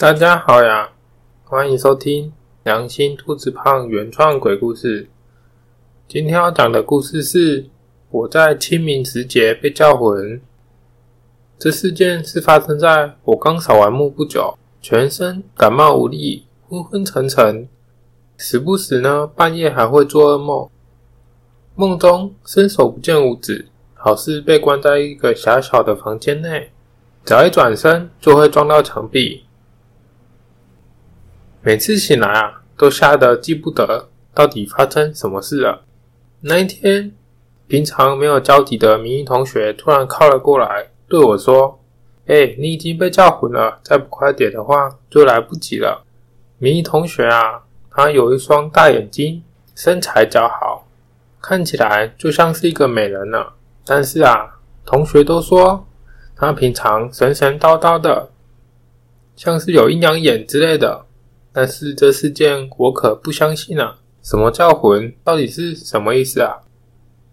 大家好呀，歡迎收聽《良心兔子胖》原創鬼故事。今天要講的故事是，我在清明時節被叫魂。這事件是發生在我剛掃完墓不久，全身感冒無力，昏昏沉沉，時不時呢半夜還會做噩夢。夢中伸手不見五指，好似被關在一個狹小的房間內，只要一轉身就會撞到牆壁。每次醒來啊，都嚇得記不得到底發生什麼事了。那一天，平常沒有交集的明一同學突然靠了過來，對我說：“哎，你已經被叫魂了，再不快點的話就來不及了。”明一同學啊，他有一雙大眼睛，身材姣好，看起來就像是一個美人呢、啊。但是啊，同學都說他平常神神叨叨的，像是有陰陽眼之類的。但是這事件我可不相信了啊。什麼叫魂，到底是什麼意思啊？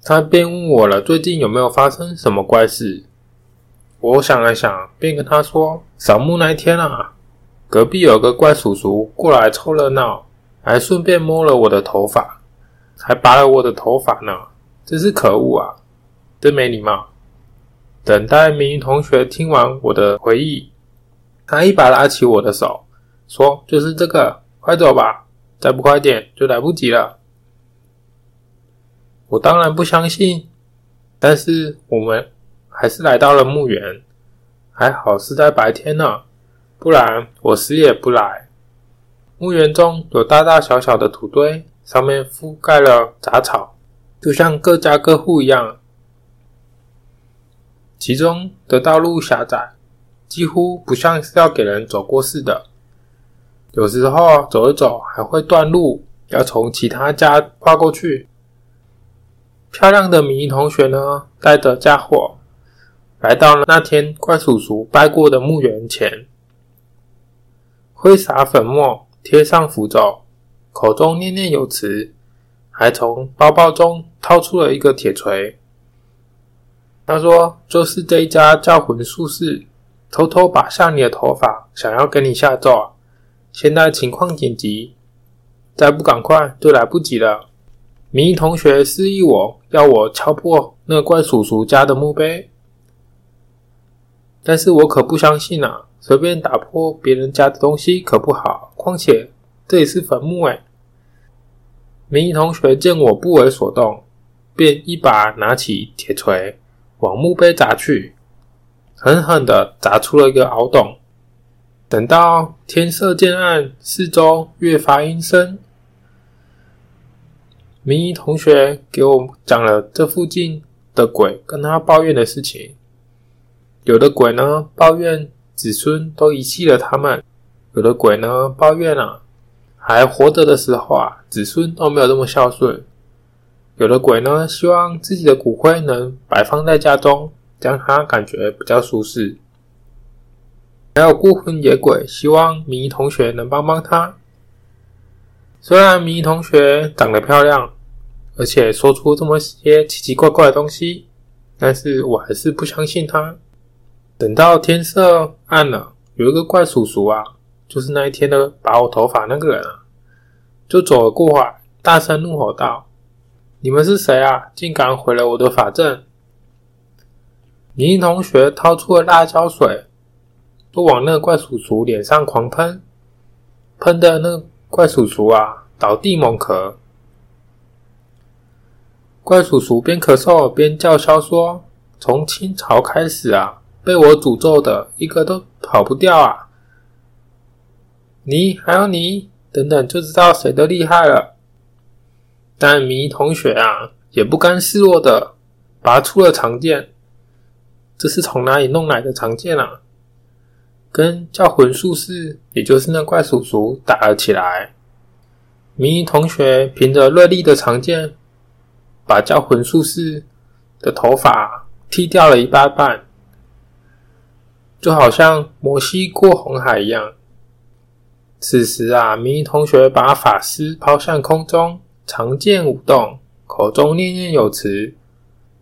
他便問我了，最近有沒有發生什麼怪事？我想了想，便跟他說：“掃墓那一天啊，隔壁有個怪叔叔過來湊熱鬧，還順便摸了我的頭髮，還拔了我的頭髮呢！真是可惡啊，真沒禮貌。”等待明雲同學聽完我的回憶，他一把拉起我的手。說，就是這個，快走吧！再不快點就來不及了。我當然不相信，但是我們還是來到了墓園。還好是在白天呢，不然我死也不來。墓園中有大大小小的土堆，上面覆蓋了雜草，就像各家各戶一樣。其中的道路狹窄，幾乎不像是要給人走過似的。有時候走一走還會斷路，要從其他家跨過去。漂亮的米妮同學呢，帶着家伙來到了那天怪叔叔拜過的墓園前，揮灑粉末，貼上符咒，口中念念有詞，還從包包中掏出了一個鐵錘。他說：“就是這一家叫魂術士，偷偷拔下你的頭髮，想要跟你下咒。”現在情況緊急，再不趕快就來不及了。明一同學示意我要我敲破那怪叔叔家的墓碑，但是我可不相信啊！隨便打破別人家的東西可不好，況且這裡是墳墓哎。明一同學見我不為所動，便一把拿起鐵錘往墓碑砸去，狠狠地砸出了一個凹洞。等到天色漸暗，四周越發陰森。明一同學給我講了這附近的鬼跟他抱怨的事情。有的鬼呢抱怨子孫都遺棄了他們；有的鬼呢抱怨呢、啊、還活着的時候啊，子孫都沒有那麼孝順。有的鬼呢希望自己的骨灰能擺放在家中，讓他感覺比較舒適。還有孤魂野鬼，希望明一同學能幫幫他。雖然明一同學長得漂亮，而且說出這麼些奇奇怪怪的東西，但是我還是不相信他。等到天色暗了，有一個怪叔叔啊，就是那一天的拔我頭髮那個人啊，就走了過來，大聲怒吼道：“你們是誰啊？竟敢毀了我的法陣！”明一同學掏出了辣椒水。都往那怪叔叔臉上狂噴，噴的那怪叔叔啊，倒地猛咳。怪叔叔邊咳嗽邊叫囂說：“從清朝開始啊，被我詛咒的一個都跑不掉啊！你還有你等等，就知道誰都厲害了。”但迷同學啊，也不甘示弱的拔出了長劍，這是從哪裡弄來的長劍啊？跟叫魂術士，也就是那怪叔叔打了起來。明怡同學憑着銳利的長劍，把叫魂術士的頭髮剃掉了一大半，就好像摩西過紅海一樣。此時啊，明怡同學把法師拋向空中，長劍舞動，口中念念有詞，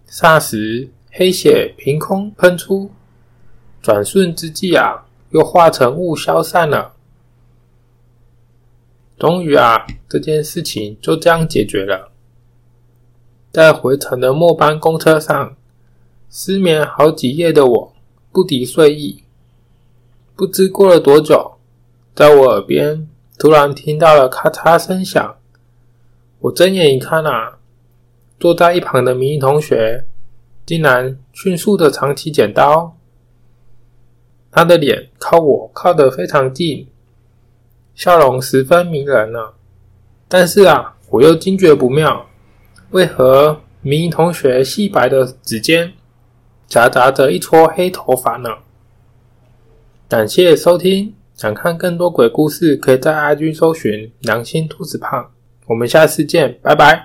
霎時黑血憑空噴出，轉瞬之際啊！又化成霧消散了。終於啊，這件事情就這樣解決了。在回程的末班公車上，失眠好幾夜的我不敵睡意，不知過了多久，在我耳邊突然聽到了咔嚓聲響。我睜眼一看啊，坐在一旁的明同學竟然迅速的藏起剪刀。他的臉靠我靠得非常近，笑容十分迷人呢。但是啊，我又驚覺不妙，為何明營同學細白的指尖夾雜着一撮黑頭髮呢？感謝收聽，想看更多鬼故事，可以在 IG 搜尋良心兔子胖。我們下次見，拜拜。